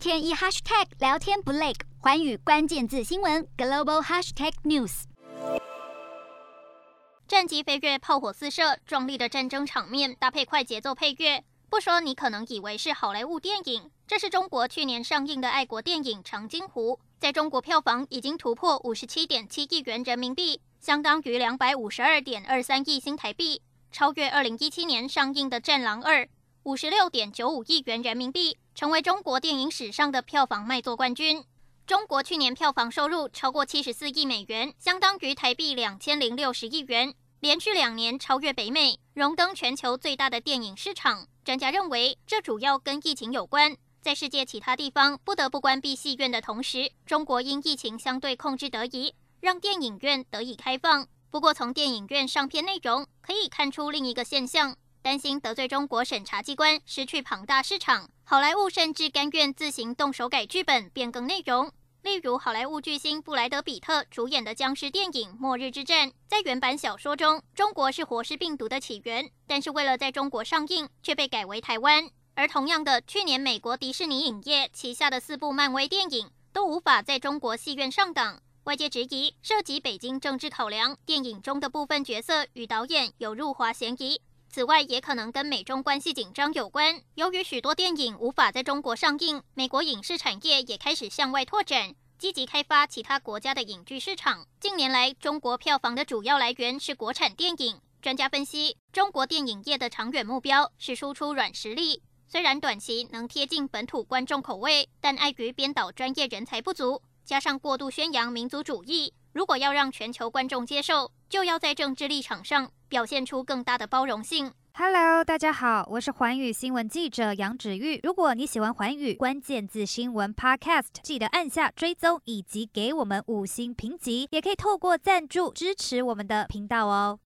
天一 hashtag 聊天不累，寰宇關鍵字新聞 global hashtag news。戰機飛躍，炮火四射，壯麗的戰爭場面搭配快節奏配樂，不說你可能以為是好萊塢電影。這是中國去年上映的愛國電影《長津湖》，在中國票房已經突破五十七點七億元人民幣，相當於兩百五十二點二三億新台幣，超越二零一七年上映的《戰狼二》。五十六點九五億元人民幣，成為中國電影史上的票房賣座冠軍。中國去年票房收入超過七十四億美元，相當於台幣兩千零六十億元，連續兩年超越北美，榮登全球最大的電影市場。專家認為，這主要跟疫情有關。在世界其他地方不得不關閉戲院的同時，中國因疫情相對控制得宜，讓電影院得以開放。不過，從電影院上片內容可以看出另一個現象。擔心得罪中國審查機關，失去龐大市場，好萊塢甚至甘願自行動手改劇本、變更內容。例如，好萊塢巨星布萊德彼特主演的殭屍電影《末日之戰》，在原版小說中，中國是活屍病毒的起源，但是為了在中國上映，卻被改為台灣。而同樣的，去年美國迪士尼影業旗下的四部漫威電影都無法在中國戲院上檔，外界質疑涉及北京政治考量，電影中的部分角色與導演有辱華嫌疑。此外，也可能跟美中關係緊張有關。由於許多電影無法在中國上映，美國影視產業也開始向外拓展，積極開發其他國家的影劇市場。近年來，中國票房的主要來源是國產電影。專家分析，中國電影業的長遠目標是輸出軟實力，雖然短期能貼近本土觀眾口味，但礙於編導專業人才不足，加上過度宣揚民族主義。如果要讓全球觀眾接受，就要在政治立場上表現出更大的包容性。Hello，大家好，我是寰宇新聞記者楊芷玉。如果你喜歡寰宇關鍵字新聞 Podcast，記得按下追蹤以及給我們五星評級，也可以透過贊助支持我們的頻道哦。